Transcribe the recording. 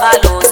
palo